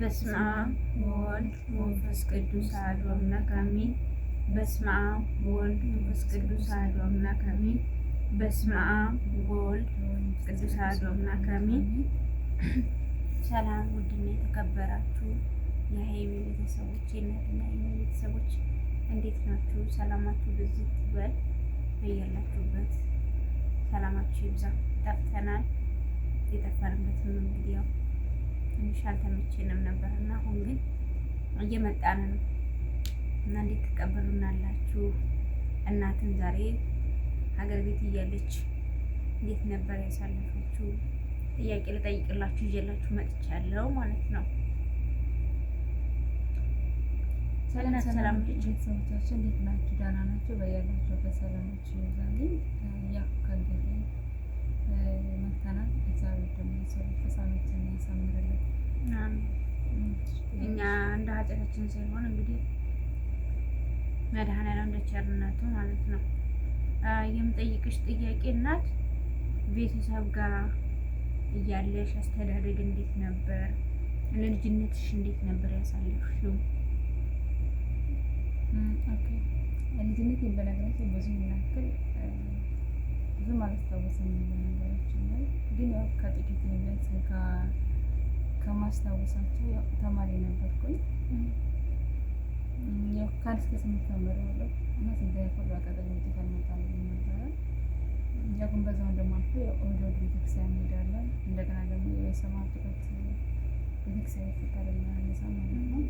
በስመ አብ ወወልድ ወመንፈስ ቅዱስ አሐዱ አምላክ አሜን። በስመ አብ ወወልድ ወመንፈስ ቅዱስ አሐዱ አምላክ አሜን። በስመ አብ ወወልድ ወመንፈስ ቅዱስ አሐዱ አምላክ አሜን። ሰላም ውድና የተከበራችሁ የሀይሚ ቤተሰቦች የእናትና የእኔ ቤተሰቦች እንዴት ናችሁ? ሰላማችሁ ብዝት ይበል። በያላችሁበት ሰላማችሁ ይብዛ። ጠፍተናል። የጠፋንበትም እንግዲህ ያው ትንሽ አልተመቼንም ነበር እና አሁን ግን እየመጣን ነው እና እንዴት ትቀበሉናላችሁ? እናትን ዛሬ ሀገር ቤት እያለች እንዴት ነበር ያሳለፋችሁ? ጥያቄ ልጠይቅላችሁ እያላችሁ መጥቻለሁ ማለት ነው። ሰላም ቤተሰቦቻችን እንዴት ናችሁ? ደህና ናቸው በያላቸው በሰላሞች ይዛልኝ ያ ከንገ መጥተናል። እግዚአብሔር ደግሞ የሰው ተሳኖችን ያሳምርልን። እኛ እንደ ኃጢአታችን ሳይሆን እንግዲህ መድኃኔዓለም እንደ ቸርነቱ ማለት ነው የምጠይቅሽ ጥያቄ እናት ቤተሰብ ጋር እያለሽ አስተዳደግ እንዴት ነበር? ለልጅነትሽ እንዴት ነበር ያሳለፍሽው? ልጅነት በነገራችን ብዙ ያክል ብዙም አላስታወሰም ነገሮችን ላይ ግን ያው ከጥቂት ንብረት ከማስታወሳቸው ያው ተማሪ ነበርኩኝ። ያው ከአንድ እስከ ስምንት ተምር ያለው እና ስንተኛ ክፍል በአጋጣሚ ውጤት አልመጣልኝ ነበረ። ያው በዛው እንደማልኩ ያው ወደ ቤተክርስቲያን እንሄዳለን። እንደገና ደግሞ የሰማ ጥረት ቤተክርስቲያን ይፈቀድልናል ነሳ ማለት ነው።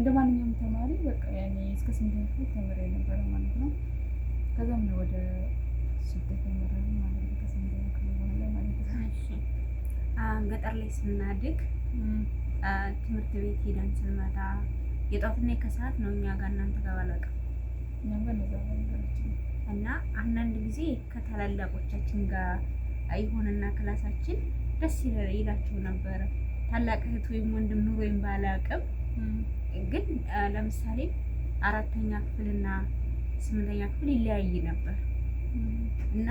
እንደ ማንኛውም ተማሪ በቃ ያኔ እስከ ስምንተኛ ክፍል ተምር የነበረ ማለት ነው። ከዛም ነው ወደ ገጠር ላይ ስናድግ ትምህርት ቤት ሄደን ስንመጣ የጧትና የከሰዓት ነው እኛ ጋር እናንተ ጋር አላውቅም። እና አንዳንድ ጊዜ ከታላላቆቻችን ጋር ይሆንና ክላሳችን ደስ ይላቸው ነበረ። ታላቅ እህት ወይም ወንድም ኑሮ ኑሮኝ ባላውቅም ግን ለምሳሌ አራተኛ ክፍልና ስምንተኛ ክፍል ይለያይ ነበር። እና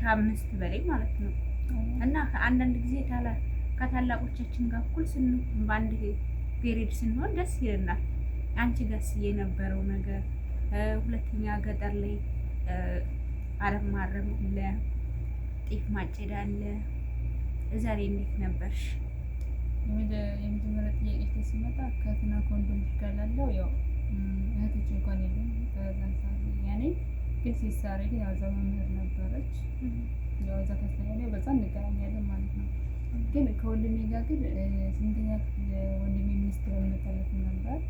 ከአምስት በላይ ማለት ነው። እና አንዳንድ ጊዜ ከታላቆቻችን ጋር እኩል ስንሆን በአንድ ፔሪድ ስንሆን ደስ ይለናል። አንቺ ጋስ የነበረው ነገር ሁለተኛ ገጠር ላይ አረም ማረም አለ፣ ጤፍ ማጨድ አለ። እዛ ላይ እንዴት ነበርሽ? የመጀመሪያ ጥያቄ ሲመጣ ከትና ከወንድሞች ጋር ላለው ያው እህቶች እንኳን የለም በዛን ሰዓት ያኔ ቤት ሲሳሪ ግን ያው እዛ መምህር ነበረች። ያው እዛ ከስተኛ በዛ እንገናኛለን ማለት ነው። ግን ከወንድሜ ጋር ግን ስንተኛ ክፍል ወንድሜ ሚኒስትር የሚመጣለት ነበር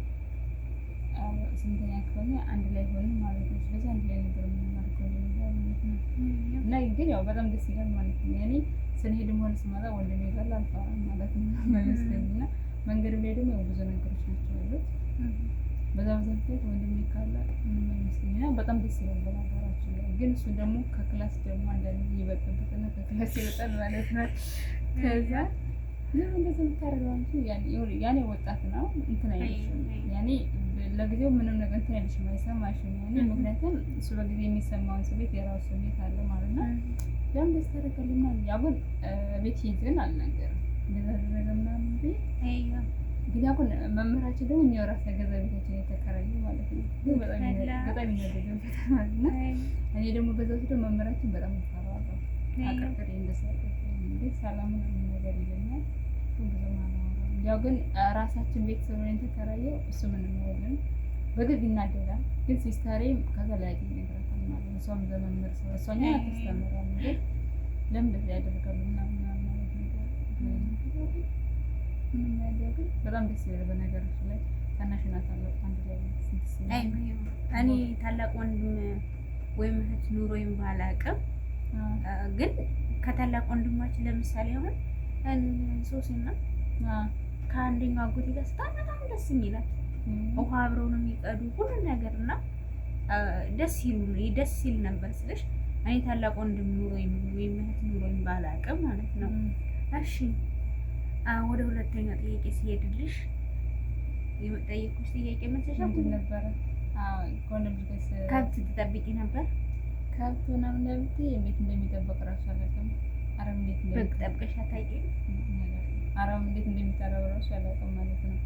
ስንተኛ ክፍል አንድ ላይ ሆነ ማለት ነው። ስለዚህ አንድ ላይ ነበር የምንማር ከወንድሜ ነው። እና ግን ያው በጣም ደስ ይላል ማለት ነው። ያኔ ስንሄድም ሆነ ስመጣ ወንድሜ ጋር ላልፋ ማለት ነው። እና መንገድ ላይ ደግሞ ያው ብዙ ነገሮች ናቸው ያሉት በዛ በዘርፌ ወንድሜ ካለ ምንም አይመስለኝም። በጣም ደስ ይላል በሀገራችን ላይ ግን እሱ ደግሞ ከክላስ ደግሞ አንዳንድ ይበጥበትና ከክላስ ይወጣል ማለት ነው። ከዛ ምን እንደዚህ የምታደርገው አንቺ ያኔ ወጣት ነው እንትን አይልሽም። ያኔ ለጊዜው ምንም ነገር እንትን አይልሽም፣ አይሰማሽም። ያኔ ምክንያቱም እሱ ለጊዜ የሚሰማውን ስሜት የራሱ ስሜት አለ ማለት ነው። ያን ደስ ታደርገልናል። ያቡን ቤት ይዘን አልነገርም እንደዛ ደረገ ምናምን ቤት ግን አሁን መምህራችን ደግሞ እኛው ራስ ገዛ ቤታችን የተከራየ ማለት ነው። በጣም ይነገገበታል እኔ ደግሞ በዛ ስደ መምህራችን በጣም ይፈራዋለሁ። አቀርቅሬ እንደሳቀ ሰላም ነገር ይለኛል። ያው ግን ራሳችን ቤተሰብ ስለሆነ የተከራየው እሱ ምንም አይልም። በግድ ይናደዳል። ግን ሲስተሬ ከተለያዩ ነገራትን ማለት ነው። እሷም በመምህር ሰው እሷኛ ያተስተምራል። ነገር ለምን እንደዚህ ያደርጋሉ ምናምን ማለት ነገር ምንም ያለው ግን በጣም ደስ ይላል። በነገራችን ላይ ታናሽና ታላቅ አንድ ላይ እኔ ታላቅ ወንድም ወይም እህት ኑሮዬም ባላቅም ግን ከታላቅ ወንድማችን ለምሳሌ አሁን ሶስና ከአንደኛው አጎቴ ጋር ስታል በጣም ደስ የሚላት ውሃ አብረው ነው የሚቀዱ ሁሉ ነገር እና ደስ ይሉ ደስ ይል ነበር ስልሽ እኔ ታላቅ ወንድም ኑሮዬም ወይም እህት ኑሮዬም ባላቅም ማለት ነው እሺ ወደ ሁለተኛ ጥያቄ ሲሄድልሽ የምጠይቁሽ ጥያቄ መሰለሽ ምንድን ነበረ? ከብት ትጠብቂ ነበር? ከብት ምናምን ለብት እንዴት እንደሚጠበቅ ራሱ አላውቅም። አረም እንዴት በግ ጠብቀሽ አታውቂም? አረም እንዴት እንደሚጠረብ ራሱ አላውቅም ማለት ነው።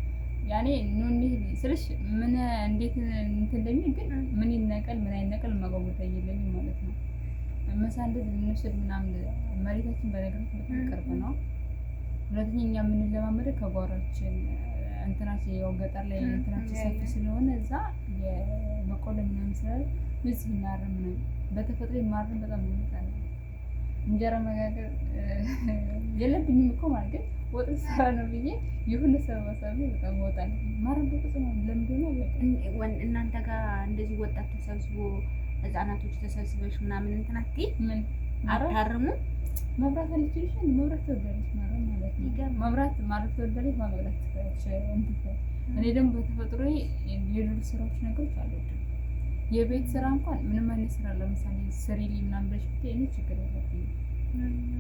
ያኔ ኑኒ ስልሽ ምን እንዴት እንትን እንደሚል ግን ምን ይነቀል ምን አይነቀል መጓጉታ የለኝም ማለት ነው። መሳ እንደዚህ ልንወስድ ምናምን መሬታችን በነገር በጣም ቅርብ ነው። ሁለተኛ እኛ የምንለማመደው ከጓሯችን እንትናችን ያው ገጠር ላይ እንትናችን ሰፊ ስለሆነ እዛ የበቆሎ ምናምን ስላለ ልጅ ማረም ነው በተፈጥሮ ማረም በጣም ይመጣል። እንጀራ መጋገር የለብኝም እኮ ማለት ግን ወጥ ስራ ነው ብዬ የሆነ ሰባሳቢ በጣም ወጣል ማረም በቁጽ ነው ለምንድነው እናንተ ጋር እንደዚህ ወጣት ተሰብስቦ ህፃናቶች ተሰብስበሽ ምናምን እንትናት ምን አታርሙ መብራት አለችልሽ መብራት ትወዳለች ማለት ነው። መብራት ማለት ትወዳለች ማብራት ትችላለች። እኔ ደግሞ በተፈጥሮ የዱር ስራዎች ነገሮች አልወድም። የቤት ስራ እንኳን ምንም አይነት ስራ ለምሳሌ ስሪ ምናምን ብለሽ ብታይ እኔ ችግር የለብኝም።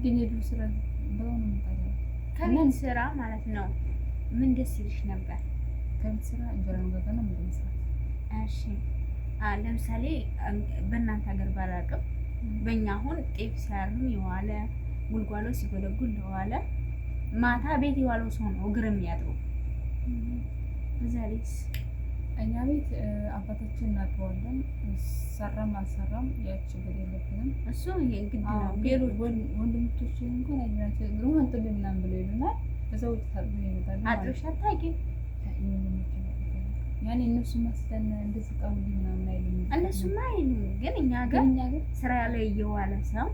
ግን የዱር ስራ በሆነ ምጣለ ከቤት ስራ ማለት ነው። ምን ደስ ይልሽ ነበር? ከቤት ስራ እንጀራ መጋገር ነው። ምን መስራት? እሺ ለምሳሌ በእናንተ ሀገር ባላቅም በእኛ አሁን ጤፍ ሲያርም የዋለ ጉልጓሎ ሲጎለጉል ለዋለ ማታ ቤት የዋለው ሰው ነው እግር የሚያጥበው። እዛ ቤት እኛ ቤት አባታችን እናድረዋለን። ሰራም አልሰራም ያ ችግር የለብንም። እሱ ወንድምቶች እንኳን አይናቸው ግሩን ጥብ ምናምን ብሎ ይሉናል። እዛ ውጭ ይመጣል። አጥበሽ አታውቂም ያኔ እነሱ ማስተን እንደዚህ ቃሉ ምናምን አይሉም። እነሱማ አይሉም፣ ግን እኛ ጋር እኛ ጋር ስራ ላይ እየዋለ ሰው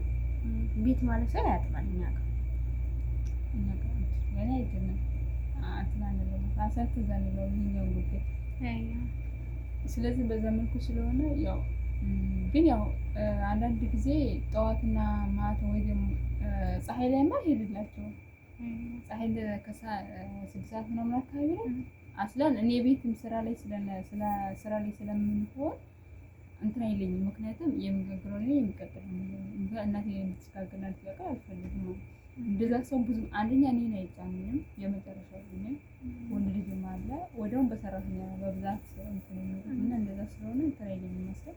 ቤት ማለት ሰው ያጥባል። እኛ ጋር እኛ ጋር ያኔ አይደለም አትናን ነው አሳክ ዘን ነው ምንኛው ጉዳይ አይያ። ስለዚህ በዛ መልኩ ስለሆነ ያው ግን ያው አንዳንድ ጊዜ ጠዋትና ማታ ወይ ደግሞ ፀሐይ ላይማ ማ ሄድላቸው ፀሐይ ከሳ ስድስት ሰዓት ምናምን አካባቢ ነው አስለን እኔ ቤትም ስራ ላይ ስራ ላይ ስለምንሆን እንትን አይለኝም። ምክንያቱም የሚጋግረው ላይ የሚቀጥል እናቴ የምትስጋግናል ሲበቃ አልፈልግም እንደዛ ሰው ብዙ አንደኛ እኔን አይጫንኝም። የመጨረሻ ሆኝም ወንድ ልጅም አለ ወዲያውም በሰራተኛ በብዛት እንትን እና እንደዛ ስለሆነ እንትን አይለኝም መስል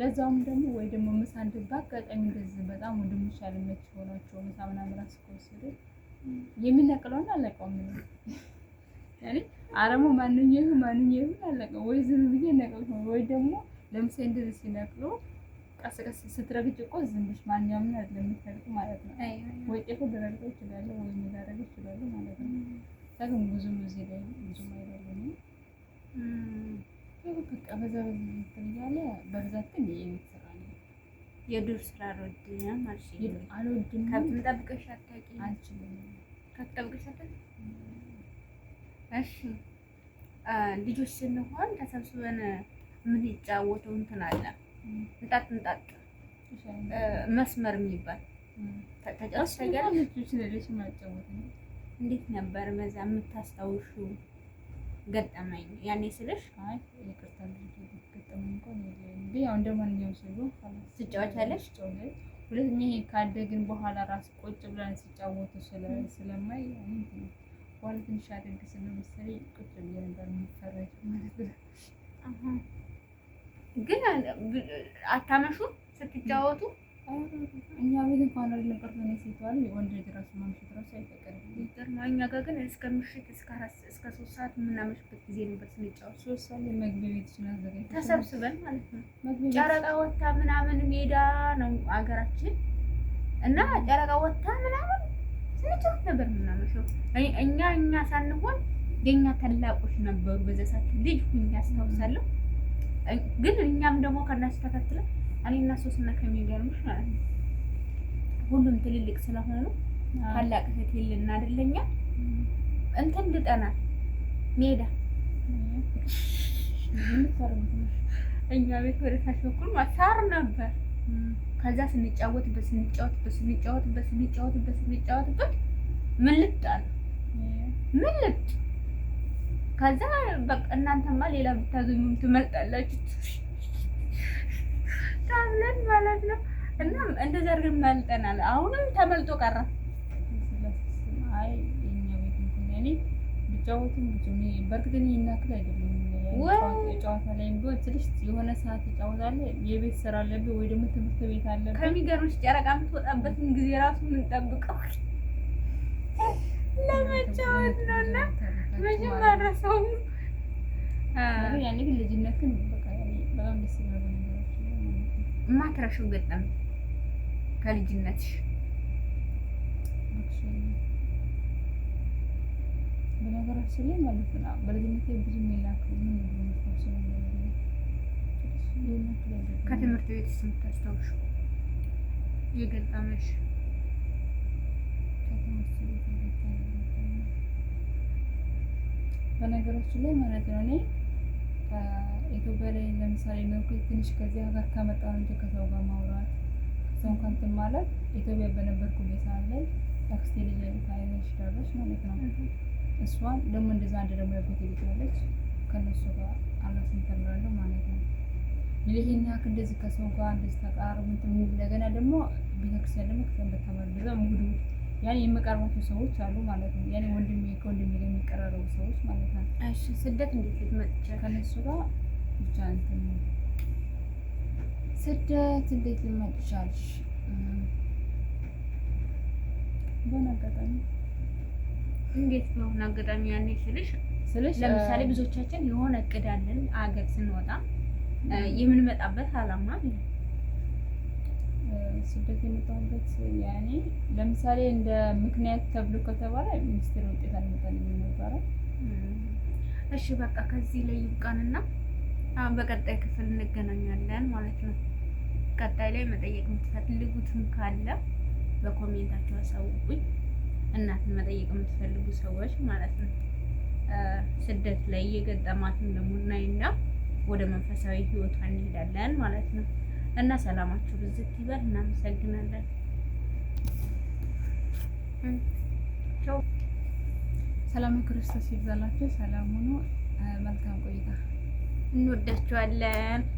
ለዛውም ደግሞ ወይ ደግሞ ምሳ እንደዚህ በአጋጣሚ እንደዚህ በጣም ወንድሞች ያለመች ሆናቸው ምሳ ምናምን ራስ ከወሰደ የሚነቅለውን አለቀውም ነው ያኔ አረሙ ማንኛ ይሁን ማንኛ ይሁን አላውቅም። ወይ ዝም ብዬ ነቅል ወይ ደግሞ ለምሳሌ እንደዚህ ሲነቅሉ ቀስ ቀስ ስትረግጭ እኮ ዝም ብለሽ ማንኛውም አይደለም የምትነቅሉ ማለት ነው። ወይ ጤፉ ልረግጠው እችላለሁ ወይ ላደርግ እችላለሁ ማለት ነው። ታግም ብዙም እዚህ ላይ ብዙም አይደለም። በቃ በዛ በዛ እንትን እያለ በብዛት ግን የቤት ስራ ነው የዱር ስራ አልወድም አልሽኝ። አልወድም ከብት ጠብቀሽ አታውቂም። አልችልም ከብት ጠብቀሽ አታውቂም እሺ ልጆች ስንሆን ተሰብስበን የምንጫወተው እንትን አለ እንጣጥ መስመር የሚባል እንዴት ነበር በዛ የምታስታውሹ ገጠመኝ? ያኔ ስልሽ ትጫወቻለሽ። ሁለተኛ ይሄ ካደግን በኋላ ራስ ቆጭ ብለን ሲጫወቱ ስለማይ በኋላ ትንሽ አደግ ስለ መሰለኝ ቁጭ ብዬ ነበር የሚፈረጅ ማለት ነው። ግን አታመሹም ስትጫወቱ? እኛ ቤት እንኳን አልነበር ሆነ ሲባል ወንድ ልጅ ራሱ ማምሸት ራሱ አይፈቀድም እኛ ጋር ግን እስከ ምሽት እስከ ሶስት ሰዓት የምናመሽበት ጊዜ ነበር ስንጫወት። ሶስት ሰዓት ተሰብስበን ማለት ነው። ጨረቃ ወታ ምናምን ሜዳ ነው አገራችን እና ጨረቃ ወታ ምናምን ስንጫወት ነበር የምናመሸው። እኛ እኛ ሳንሆን የእኛ ታላቆች ነበሩ። በዛ ሰዓት ልጅ ሁኝ ያስታውሳለሁ። ግን እኛም ደግሞ ከእነሱ ተከትለን እኔ እና ሶስና ከሚገርምሽ ማለት ነው ሁሉም ትልልቅ ስለሆኑ ታላቅ እህት የለን አይደለኛ እንትን ልጠናል ሜዳ እኛ ቤት ወደ ታች በኩል ሳር ነበር ከዛ ስንጫወትበት ስንጫወትበት ስንጫወትበት ስንጫወትበት ስንጫወትበት ምን ልጥ አለ ምን ልጥ ከዛ በቃ እናንተማ ሌላ ብታገኙም ትመርጣላችሁ ታብለን ማለት ነው። እና እንደዛ አድርገን መልጠናል። አሁንም ተመልጦ ቀረ። አይ እኛ ቤት እንትን እኔ ብጫወትም ብዙ በእርግጥ እኔ እናክል አይደለም ጨዋታ ላይ ቢሆን ትንሽ የሆነ ሰዓት ትጫወታለህ፣ የቤት ስራ አለብህ ወይ ደግሞ ትምህርት ቤት አለብህ። ከሚገርምሽ ጨረቃ የምትወጣበትን ጊዜ ራሱ የምንጠብቀው ለመጫወት ነው እና መጀመሪያ ሰው ያኔ ግን ልጅነት በጣም ደስ ይላሉ የማትረሺው ገጠመኝ ከልጅነትሽ ስሜ ማለት ነው። በልጅነቴ ብዙ ሜላክ ከትምህርት ቤት ስምታስታውሹ የገጠመሽ በነገራችን ላይ ማለት ነው እኔ ኢትዮጵያ ላይ ለምሳሌ መልኩ ትንሽ ከዚህ ሀገር ከመጣ እንጂ ከሰው ጋር ማውራት ሰው ከንትን ማለት ኢትዮጵያ በነበርኩ ቤት ላይ አክስቴ ልጅ ታይነሽ ዳበሽ ማለት ነው እሷ ደግሞ እንደዛ አንድ ደግሞ ያጎቴ ልጅ ከነሱ ጋር አላት እንተምራለሁ ማለት ነው። ይህን ያህል እንደዚህ ከሰው ጋር እንደዚህ ተቃርቡ እንደገና ደግሞ ቤተክርስቲያን ደግሞ ከተንበተማል በዛ ሙሉ ያን የሚቀርባቸው ሰዎች አሉ ማለት ነው። ያን ወንድሜ ከወንድሜ ጋር የሚቀራረቡ ሰዎች ማለት ነው። እሺ ስደት እንዴት ልትመጥቻ ከነሱ ጋር ብቻ እንትን ስደት እንዴት ልመጥቻልሽ በነገጠኝ እንዴት በሆነ አጋጣሚ ያኔ ስልሽ ስልሽ ለምሳሌ ብዙዎቻችን የሆነ እቅድ አለን አገር ስንወጣ የምንመጣበት አላማ ስደት የመጣሁበት ያኔ ለምሳሌ እንደ ምክንያት ተብሎ ከተባለ ሚኒስቴር ውጤት አልመጣልኝ ነበረ። እሺ በቃ ከዚህ ላይ ይብቃንና በቀጣይ ክፍል እንገናኛለን ማለት ነው። ቀጣይ ላይ መጠየቅ የምትፈልጉትም ካለ በኮሜንታቸው አሳውቁኝ። እናትን መጠየቅ የምትፈልጉ ሰዎች ማለት ነው። ስደት ላይ እየገጠማትን ደግሞ እናይና ወደ መንፈሳዊ ህይወቷ እንሄዳለን ማለት ነው። እና ሰላማችሁ ብዝት ይበል። እናመሰግናለን። ሰላም ክርስቶስ ይብዛላችሁ። ሰላም ሁኑ። መልካም ቆይታ። እንወዳችኋለን።